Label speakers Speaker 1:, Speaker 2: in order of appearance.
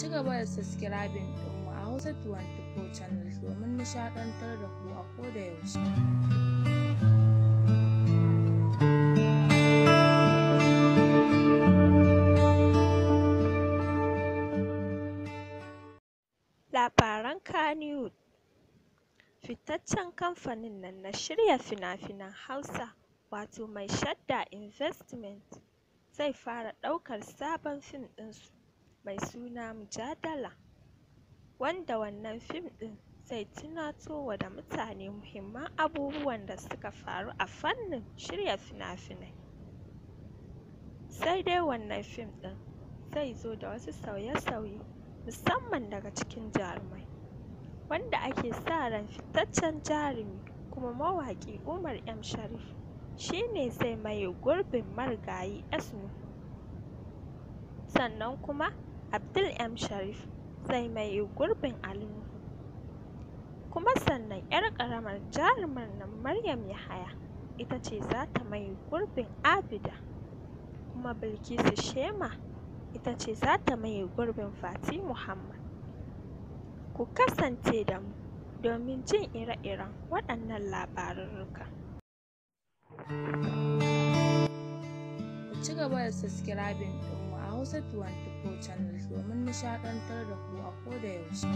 Speaker 1: ci gaba da subscribing ɗinmu a Hausa 24 Channel domin nishaɗantar da ku a koda yaushe.
Speaker 2: Labaran Kannywood Fitaccen kamfanin nan na shirya fina-finan Hausa wato mai Shadda Investment zai fara ɗaukar sabon fim ɗinsu mai suna Mujadala, wanda wannan fim ɗin zai tunato wa da mutane muhimman abubuwan da suka faru a fannin shirya fina-finai. Sai dai wannan fim ɗin zai zo da wasu sauye-sauye musamman daga cikin jarumai, wanda ake sa ran fitaccen jarumi kuma mawaƙi Umar M. Sharif shi ne zai maye gurbin marigayi S. Nuhu. Sannan kuma Abdul M. Sharif zai maye gurbin Ali Kuma sannan 'yar ƙaramar jarumar nan Maryam Yahaya ita ce za ta maye gurbin Abida. Kuma Bilkisu Shema ita ce za ta maye gurbin Fati Muhammad. Ku kasance da mu domin jin ire-iren waɗannan labarurruka.
Speaker 1: Ku ci gaba da subscribing ɗinmu a Hausa 24 Channel. domin nishaɗantar da ku a koda yaushe.